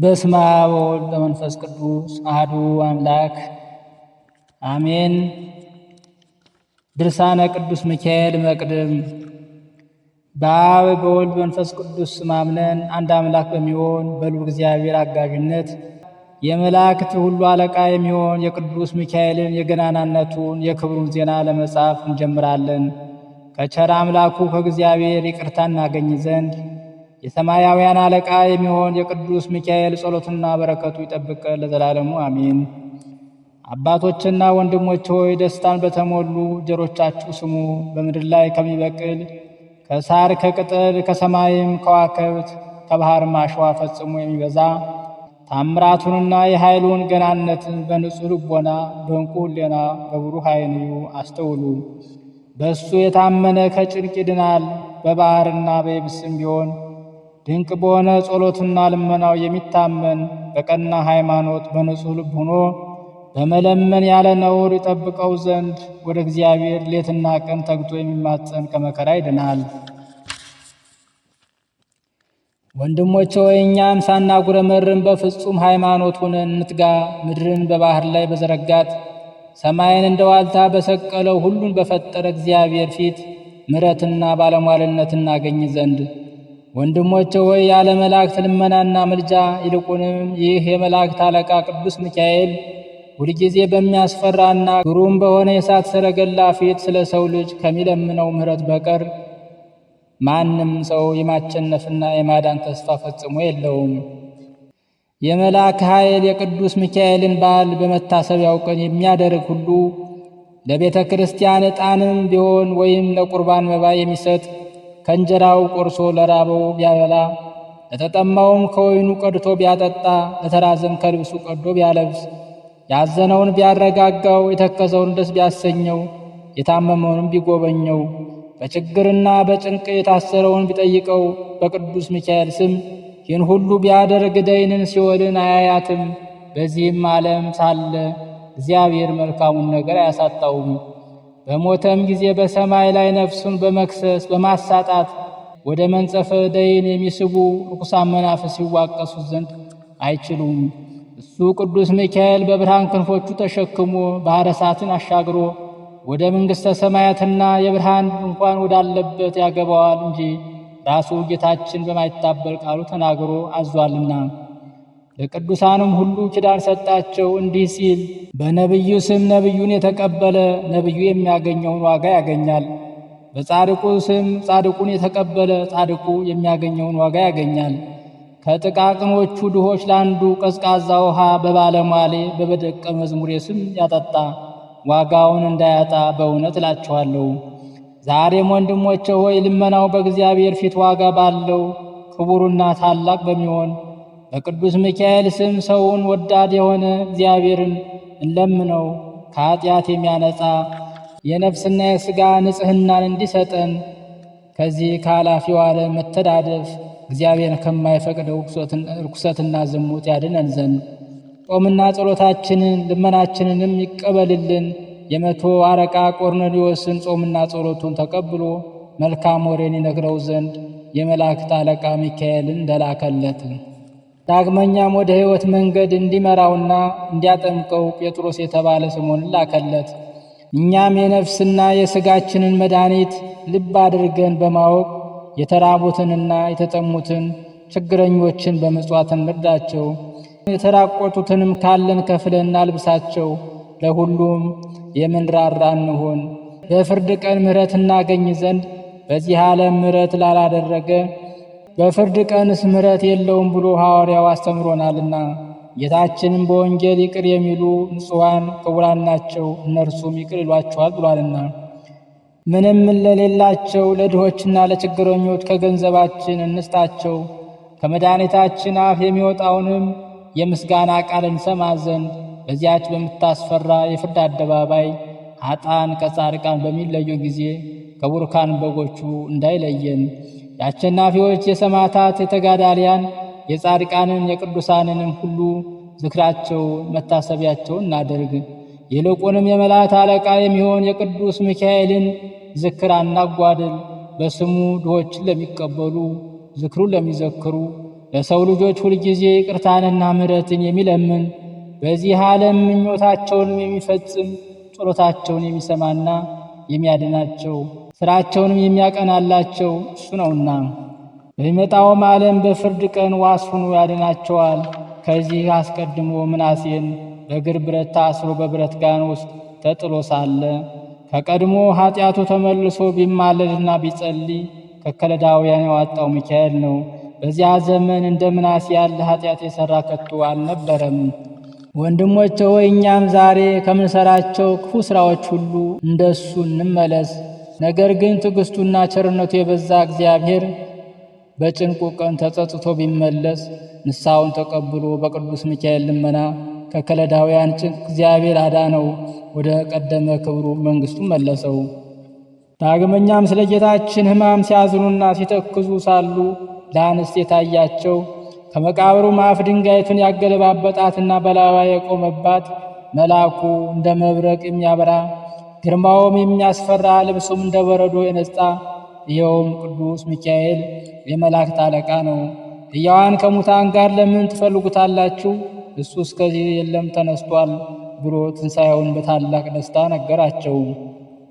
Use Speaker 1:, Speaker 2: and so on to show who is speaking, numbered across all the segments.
Speaker 1: በስመ አብ ወወልድ ወመንፈስ ቅዱስ አሐዱ አምላክ አሜን። ድርሳነ ቅዱስ ሚካኤል መቅድም። በአብ በወልድ በመንፈስ ቅዱስ ስም አምነን አንድ አምላክ በሚሆን በልዑል እግዚአብሔር አጋዥነት የመላእክት ሁሉ አለቃ የሚሆን የቅዱስ ሚካኤልን የገናናነቱን የክብሩን ዜና ለመጻፍ እንጀምራለን። ከቸር አምላኩ ከእግዚአብሔር ይቅርታ እናገኝ ዘንድ የሰማያውያን አለቃ የሚሆን የቅዱስ ሚካኤል ጸሎትና በረከቱ ይጠብቀ ለዘላለሙ አሜን። አባቶችና ወንድሞች ሆይ ደስታን በተሞሉ ጆሮቻችሁ ስሙ። በምድር ላይ ከሚበቅል ከሳር ከቅጠል ከሰማይም ከዋከብት ከባህርም አሸዋ ፈጽሞ የሚበዛ ታምራቱንና የኃይሉን ገናነትን በንጹሕ ልቦና በእንቁ ሕሌና በብሩህ ዓይን አስተውሉ። በእሱ የታመነ ከጭንቅ ይድናል። በባህርና በየብስም ቢሆን ድንቅ በሆነ ጸሎቱና ልመናው የሚታመን በቀና ሃይማኖት በንጹሕ ልብ ሆኖ በመለመን ያለ ነውር ይጠብቀው ዘንድ ወደ እግዚአብሔር ሌትና ቀን ተግቶ የሚማጸን ከመከራ ይድናል። ወንድሞቼ ሆይ እኛም ጉረመርን በፍጹም ሃይማኖት ሆነን እንትጋ። ምድርን በባህር ላይ በዘረጋት ሰማይን እንደ ዋልታ በሰቀለው ሁሉን በፈጠረ እግዚአብሔር ፊት ምሕረትና ባለሟልነት እናገኝ ዘንድ ወንድሞቼ ሆይ ያለ መላእክት ልመናና ምልጃ ይልቁንም ይህ የመላእክት አለቃ ቅዱስ ሚካኤል ሁልጊዜ በሚያስፈራና ግሩም በሆነ የእሳት ሰረገላ ፊት ስለ ሰው ልጅ ከሚለምነው ምሕረት በቀር ማንም ሰው የማቸነፍና የማዳን ተስፋ ፈጽሞ የለውም። የመልአክ ኃይል የቅዱስ ሚካኤልን በዓል በመታሰቢያው ቀን የሚያደርግ ሁሉ ለቤተ ክርስቲያን ዕጣንም ቢሆን ወይም ለቁርባን መባ የሚሰጥ ከእንጀራው ቆርሶ ለራበው ቢያበላ ለተጠማውም ከወይኑ ቀድቶ ቢያጠጣ ለተራዘም ከልብሱ ቀዶ ቢያለብስ ያዘነውን ቢያረጋጋው የተከዘውን ደስ ቢያሰኘው የታመመውንም ቢጎበኘው በችግርና በጭንቅ የታሰረውን ቢጠይቀው በቅዱስ ሚካኤል ስም ይህን ሁሉ ቢያደርግ ደይንን ሲወልን አያያትም። በዚህም ዓለም ሳለ እግዚአብሔር መልካሙን ነገር አያሳጣውም። በሞተም ጊዜ በሰማይ ላይ ነፍሱን በመክሰስ በማሳጣት ወደ መንጸፈ ደይን የሚስቡ ርኩሳን መናፍስ ይዋቀሱት ዘንድ አይችሉም። እሱ ቅዱስ ሚካኤል በብርሃን ክንፎቹ ተሸክሞ ባሕረ እሳትን አሻግሮ ወደ መንግሥተ ሰማያትና የብርሃን ድንኳን ወዳለበት ያገባዋል እንጂ ራሱ ጌታችን በማይታበል ቃሉ ተናግሮ አዟልና። ለቅዱሳንም ሁሉ ኪዳን ሰጣቸው እንዲህ ሲል በነቢዩ ስም ነቢዩን የተቀበለ ነቢዩ የሚያገኘውን ዋጋ ያገኛል። በጻድቁ ስም ጻድቁን የተቀበለ ጻድቁ የሚያገኘውን ዋጋ ያገኛል። ከጥቃቅኖቹ ድሆች ለአንዱ ቀዝቃዛ ውሃ በባለሟሌ በበደቀ መዝሙሬ ስም ያጠጣ ዋጋውን እንዳያጣ በእውነት እላችኋለሁ። ዛሬም ወንድሞቼ ሆይ ልመናው በእግዚአብሔር ፊት ዋጋ ባለው ክቡርና ታላቅ በሚሆን በቅዱስ ሚካኤል ስም ሰውን ወዳድ የሆነ እግዚአብሔርን እንለምነው። ከኃጢአት የሚያነጻ የነፍስና የሥጋ ንጽሕናን እንዲሰጠን ከዚህ ከኃላፊው ዓለም መተዳደፍ እግዚአብሔር ከማይፈቅደው ርኩሰትና ዝሙት ያድነን ዘንድ ጾምና ጸሎታችንን ልመናችንንም ይቀበልልን። የመቶ አረቃ ቆርኔሌዎስን ጾምና ጸሎቱን ተቀብሎ መልካም ወሬን ይነግረው ዘንድ የመላእክት አለቃ ሚካኤልን እንደላከለት ዳግመኛም ወደ ሕይወት መንገድ እንዲመራውና እንዲያጠምቀው ጴጥሮስ የተባለ ስሞን ላከለት። እኛም የነፍስና የሥጋችንን መድኃኒት ልብ አድርገን በማወቅ የተራቡትንና የተጠሙትን ችግረኞችን በመጽዋት እንርዳቸው፣ የተራቆቱትንም ካለን ከፍለን እናልብሳቸው፣ ለሁሉም የምንራራ እንሆን። በፍርድ ቀን ምሕረት እናገኝ ዘንድ በዚህ ዓለም ምሕረት ላላደረገ በፍርድ ቀንስ ምሕረት የለውም ብሎ ሐዋርያው አስተምሮናልና ጌታችንም በወንጌል ይቅር የሚሉ ንጹሐን ክቡራን ናቸው፣ እነርሱም ይቅር ይሏቸዋል ብሏልና ምንም ለሌላቸው ለድሆችና ለችግረኞች ከገንዘባችን እንስጣቸው፣ ከመድኃኒታችን አፍ የሚወጣውንም የምስጋና ቃል እንሰማ ዘንድ በዚያች በምታስፈራ የፍርድ አደባባይ ኃጥአን ከጻድቃን በሚለዩ ጊዜ ከቡርካን በጎቹ እንዳይለየን የአሸናፊዎች የሰማዕታት የተጋዳሊያን የጻድቃንን የቅዱሳንንም ሁሉ ዝክራቸው መታሰቢያቸው እናደርግ። ይልቁንም የመላእክት አለቃ የሚሆን የቅዱስ ሚካኤልን ዝክር አናጓድል። በስሙ ድሆችን ለሚቀበሉ ዝክሩን ለሚዘክሩ ለሰው ልጆች ሁልጊዜ ይቅርታንና ምሕረትን የሚለምን በዚህ ዓለም ምኞታቸውንም የሚፈጽም ጸሎታቸውን የሚሰማና የሚያድናቸው ስራቸውንም የሚያቀናላቸው እሱ ነውና በሚመጣውም ዓለም በፍርድ ቀን ዋስ ሆኖ ያድናቸዋል። ከዚህ አስቀድሞ ምናሴን በእግር ብረት ታስሮ በብረት ጋን ውስጥ ተጥሎ ሳለ ከቀድሞ ኃጢአቱ ተመልሶ ቢማለድና ቢጸልይ ከከለዳውያን የዋጣው ሚካኤል ነው። በዚያ ዘመን እንደ ምናሴ ያለ ኃጢአት የሠራ ከቶ አልነበረም። ወንድሞቼ ሆይ እኛም ዛሬ ከምንሠራቸው ክፉ ሥራዎች ሁሉ እንደሱ እንመለስ። ነገር ግን ትግስቱና ቸርነቱ የበዛ እግዚአብሔር በጭንቁ ቀን ተጸጽቶ ቢመለስ ንስሐውን ተቀብሎ በቅዱስ ሚካኤል ልመና ከከለዳውያን ጭንቅ እግዚአብሔር አዳነው፣ ወደ ቀደመ ክብሩ መንግስቱ መለሰው። ዳግመኛም ስለ ጌታችን ሕማም ሲያዝኑና ሲተክዙ ሳሉ ለአንስት የታያቸው ከመቃብሩ ማፍ ድንጋይቱን ያገለባበጣትና በላዋ የቆመባት መልአኩ እንደ መብረቅ የሚያበራ ግርማውም የሚያስፈራ ልብሱም እንደ በረዶ የነጻ ይኸውም ቅዱስ ሚካኤል የመላእክት አለቃ ነው። ሕያዋን ከሙታን ጋር ለምን ትፈልጉታላችሁ? እሱ እስከዚህ የለም ተነስቷል ብሎ ትንሣኤውን በታላቅ ደስታ ነገራቸው።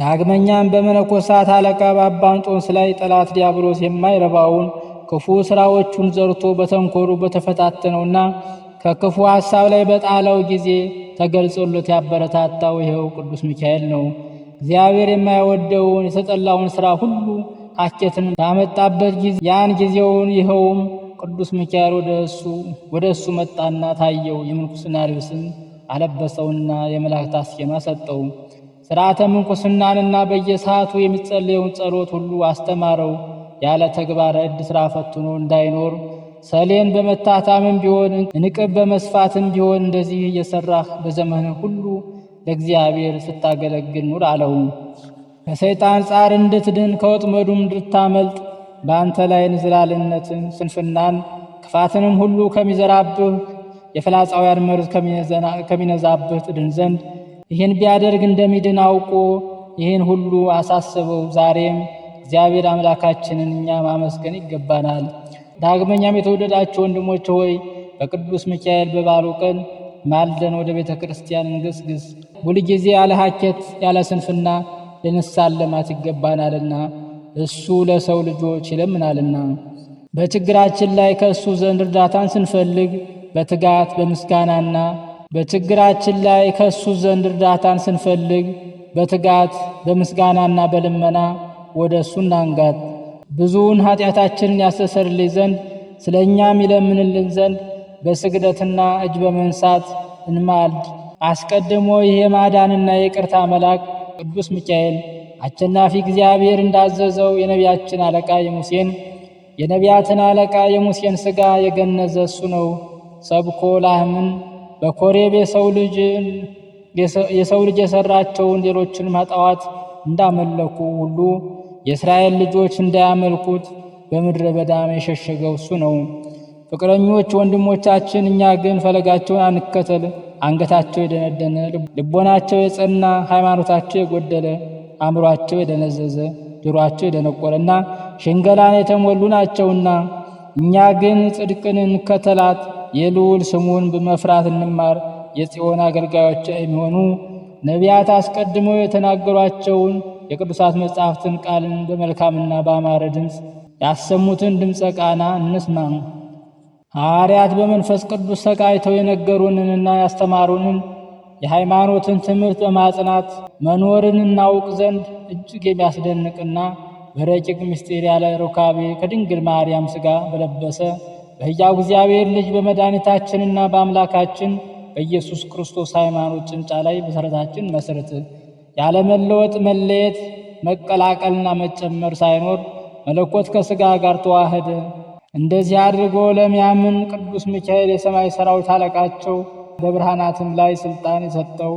Speaker 1: ዳግመኛም በመነኮሳት አለቃ በአባ እንጦንስ ላይ ጠላት ዲያብሎስ የማይረባውን ክፉ ሥራዎቹን ዘርቶ በተንኮሩ በተፈታተነውና ከክፉ ሐሳብ ላይ በጣለው ጊዜ ተገልጾለት ያበረታታው ይኸው ቅዱስ ሚካኤል ነው። እግዚአብሔር የማይወደውን የተጠላውን ሥራ ሁሉ ካኬትን ባመጣበት ጊዜ ያን ጊዜውን ይኸውም ቅዱስ ሚካኤል ወደ እሱ ወደ እሱ መጣና ታየው። የምንኩስና ልብስን አለበሰውና የመላእክት አስኬማ ሰጠው። ሥርዓተ ምንኩስናንና በየሰዓቱ የሚጸለየውን ጸሎት ሁሉ አስተማረው። ያለ ተግባረ እድ ሥራ ፈትኖ እንዳይኖር ሰሌን በመታታምም ቢሆን እንቅብ በመስፋትም ቢሆን እንደዚህ እየሰራህ በዘመን ሁሉ ለእግዚአብሔር ስታገለግል ኑር አለው። ከሰይጣን ጻር እንድትድን ከወጥመዱም እንድታመልጥ በአንተ ላይ ንዝላልነትን፣ ስንፍናን፣ ክፋትንም ሁሉ ከሚዘራብህ የፍላጻውያን መርዝ ከሚነዛብህ ትድን ዘንድ ይህን ቢያደርግ እንደሚድን አውቆ ይህን ሁሉ አሳስበው። ዛሬም እግዚአብሔር አምላካችንን እኛ ማመስገን ይገባናል። ዳግመኛም የተወደዳችሁ ወንድሞች ሆይ በቅዱስ ሚካኤል በባሉ ቀን ማልደን ወደ ቤተ ክርስቲያን እንግስግስ። ሁልጊዜ ያለ ሀኬት ያለ ስንፍና ልንሳለማት ይገባናልና እሱ ለሰው ልጆች ይለምናልና። በችግራችን ላይ ከእሱ ዘንድ እርዳታን ስንፈልግ በትጋት በምስጋናና በችግራችን ላይ ከእሱ ዘንድ እርዳታን ስንፈልግ በትጋት በምስጋናና በልመና ወደ እሱ እናንጋት። ብዙውን ኃጢአታችንን ያስተሰርልኝ ዘንድ ስለ እኛም ይለምንልን ዘንድ በስግደትና እጅ በመንሳት እንማልድ። አስቀድሞ ይህ ማዳንና የቅርታ መልአክ ቅዱስ ሚካኤል አሸናፊ እግዚአብሔር እንዳዘዘው የነቢያችን አለቃ የሙሴን የነቢያትን አለቃ የሙሴን ሥጋ የገነዘ እሱ ነው። ሰብኮ ላህምን በኮሬብ የሰው ልጅ የሠራቸውን ሌሎችን ማጣዋት እንዳመለኩ ሁሉ የእስራኤል ልጆች እንዳያመልኩት በምድረ በዳም የሸሸገው እሱ ነው። ፍቅረኞች ወንድሞቻችን እኛ ግን ፈለጋቸውን አንከተል። አንገታቸው የደነደነ፣ ልቦናቸው የጸና፣ ሃይማኖታቸው የጎደለ፣ አእምሯቸው የደነዘዘ፣ ጆሮአቸው የደነቆረና ሽንገላን የተሞሉ ናቸውና እኛ ግን ጽድቅን እንከተላት፣ የልዑል ስሙን በመፍራት እንማር። የጽዮን አገልጋዮች የሚሆኑ ነቢያት አስቀድመው የተናገሯቸውን የቅዱሳት መጻሕፍትን ቃልን በመልካምና በአማረ ድምፅ ያሰሙትን ድምፀ ቃና እንስማ። ሐዋርያት በመንፈስ ቅዱስ ሰቃይተው የነገሩንንና ያስተማሩንን የሃይማኖትን ትምህርት በማጽናት መኖርን እናውቅ ዘንድ እጅግ የሚያስደንቅና በረቂቅ ምስጢር ያለ ሩካቤ ከድንግል ማርያም ሥጋ በለበሰ በሕያው እግዚአብሔር ልጅ በመድኃኒታችንና በአምላካችን በኢየሱስ ክርስቶስ ሃይማኖት ጭንጫ ላይ መሠረታችን መሠረት ያለመለወጥ መለየት፣ መቀላቀልና መጨመር ሳይኖር መለኮት ከሥጋ ጋር ተዋህደ። እንደዚህ አድርጎ ለሚያምን ቅዱስ ሚካኤል የሰማይ ሰራዊት አለቃቸው በብርሃናትም ላይ ስልጣን የሰጠው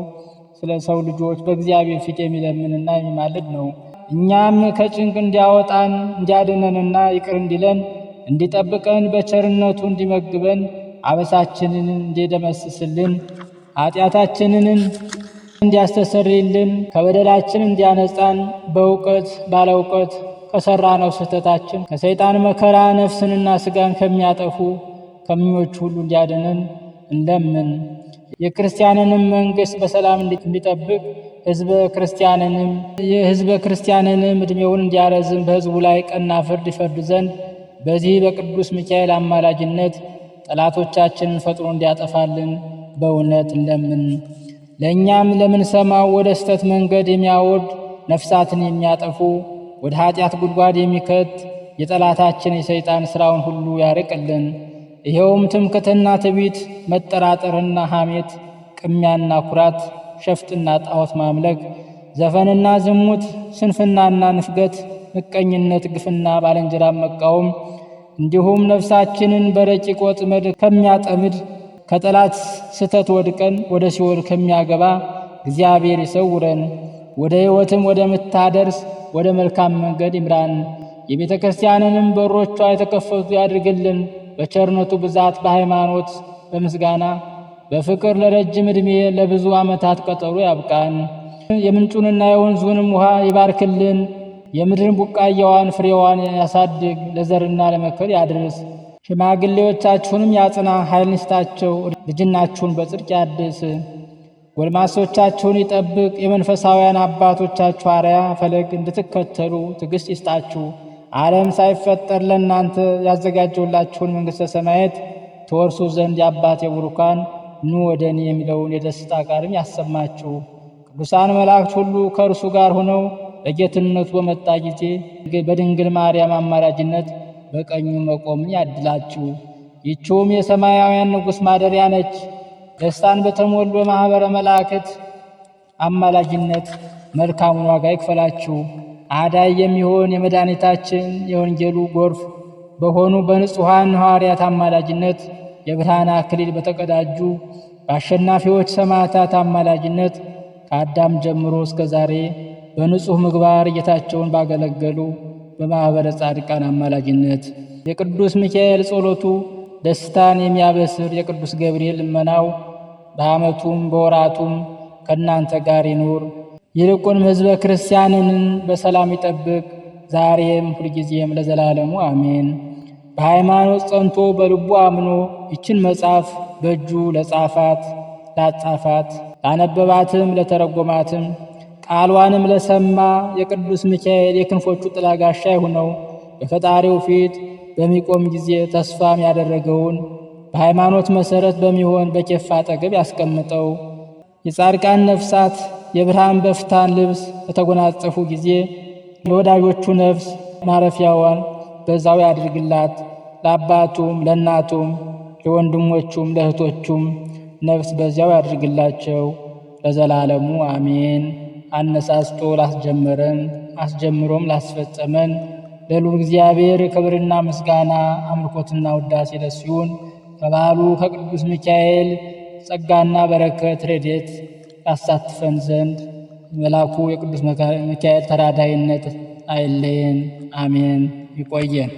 Speaker 1: ስለ ሰው ልጆች በእግዚአብሔር ፊት የሚለምንና የሚማልድ ነው። እኛም ከጭንቅ እንዲያወጣን እንዲያድነንና ይቅር እንዲለን እንዲጠብቀን በቸርነቱ እንዲመግበን አበሳችንን እንዲደመስስልን ኃጢአታችንን እንዲያስተሰርይልን ከበደላችን እንዲያነጻን በእውቀት ባለእውቀት ነው ስህተታችን ከሰይጣን መከራ ነፍስንና ስጋን ከሚያጠፉ ከምኞች ሁሉ እንዲያድንን እንለምን። የክርስቲያንንም መንግስት በሰላም እንዲጠብቅ ህዝበ ክርስቲያንንም የህዝበ ክርስቲያንንም እድሜውን እንዲያረዝም በህዝቡ ላይ ቀና ፍርድ ይፈርድ ዘንድ በዚህ በቅዱስ ሚካኤል አማላጅነት ጠላቶቻችንን ፈጥሮ እንዲያጠፋልን በእውነት እንለምን። ለእኛም ለምንሰማው ወደ ስተት መንገድ የሚያወርድ ነፍሳትን የሚያጠፉ ወደ ኃጢአት ጉድጓድ የሚከት የጠላታችን የሰይጣን ሥራውን ሁሉ ያርቅልን። ይኸውም ትምክትና ትቢት፣ መጠራጠርና ሐሜት፣ ቅሚያና ኩራት፣ ሸፍጥና ጣዖት ማምለክ፣ ዘፈንና ዝሙት፣ ስንፍናና ንፍገት፣ ምቀኝነት፣ ግፍና ባልንጀራን መቃወም እንዲሁም ነፍሳችንን በረቂቅ ወጥመድ ከሚያጠምድ ከጠላት ስተት ወድቀን ወደ ሲኦል ከሚያገባ እግዚአብሔር ይሰውረን፣ ወደ ሕይወትም ወደምታደርስ ወደ መልካም መንገድ ይምራን። የቤተ ክርስቲያንንም በሮቿ የተከፈቱ ያድርግልን። በቸርነቱ ብዛት በሃይማኖት በምስጋና በፍቅር ለረጅም ዕድሜ ለብዙ ዓመታት ቀጠሩ ያብቃን። የምንጩንና የወንዙንም ውሃ ይባርክልን። የምድርን ቡቃያዋን ፍሬዋን ያሳድግ። ለዘርና ለመከር ያድርስ። ሽማግሌዎቻችሁንም ያጽና፣ ኃይልን ንስታቸው ልጅናችሁን በጽድቅ ያድስ፣ ጎልማሶቻችሁን ይጠብቅ። የመንፈሳውያን አባቶቻችሁ አርያ ፈለግ እንድትከተሉ ትዕግሥት ይስጣችሁ። ዓለም ሳይፈጠር ለእናንተ ያዘጋጀውላችሁን መንግሥተ ሰማየት ተወርሱ ዘንድ የአባቴ ቡሩካን ኑ ወደ እኔ የሚለውን የደስታ ቃልም ያሰማችሁ። ቅዱሳን መላእክት ሁሉ ከእርሱ ጋር ሆነው በጌትነቱ በመጣ ጊዜ በድንግል ማርያም አማራጅነት በቀኙ መቆምን ያድላችሁ። ይችውም የሰማያውያን ንጉሥ ማደሪያ ነች። ደስታን በተሞሉ በማኅበረ መላእክት አማላጅነት መልካሙን ዋጋ ይክፈላችሁ። አዳይ የሚሆን የመድኃኒታችን የወንጌሉ ጎርፍ በሆኑ በንጹሐን ሐዋርያት አማላጅነት የብርሃን አክሊል በተቀዳጁ በአሸናፊዎች ሰማዕታት አማላጅነት ከአዳም ጀምሮ እስከ ዛሬ በንጹሕ ምግባር ጌታቸውን ባገለገሉ በማኅበረ ጻድቃን አማላጅነት የቅዱስ ሚካኤል ጸሎቱ ደስታን የሚያበስር የቅዱስ ገብርኤል ልመናው በዓመቱም በወራቱም ከእናንተ ጋር ይኑር። ይልቁን ሕዝበ ክርስቲያንንን በሰላም ይጠብቅ ዛሬም ሁልጊዜም ለዘላለሙ አሜን። በሃይማኖት ጸንቶ በልቡ አምኖ ይችን መጽሐፍ በእጁ ለጻፋት ላጻፋት፣ ላነበባትም ለተረጎማትም ቃልዋንም ለሰማ የቅዱስ ሚካኤል የክንፎቹ ጥላ ጋሻ የሆነው በፈጣሪው ፊት በሚቆም ጊዜ ተስፋም ያደረገውን በሃይማኖት መሠረት በሚሆን በኬፋ አጠገብ ያስቀምጠው። የጻድቃን ነፍሳት የብርሃን በፍታን ልብስ በተጎናጸፉ ጊዜ ለወዳጆቹ ነፍስ ማረፊያዋን በዛው ያድርግላት። ለአባቱም ለእናቱም ለወንድሞቹም ለእህቶቹም ነፍስ በዚያው ያድርግላቸው ለዘላለሙ አሜን። አነሳስቶ ላስጀመረን አስጀምሮም ላስፈጸመን ለልዑል እግዚአብሔር ክብርና ምስጋና አምልኮትና ውዳሴ ለእሱ ይሁን። ከበዓሉ ከቅዱስ ሚካኤል ጸጋና በረከት ረድኤት ያሳትፈን ዘንድ መላኩ የቅዱስ ሚካኤል ተራዳይነት አይለየን። አሜን። ይቆየን።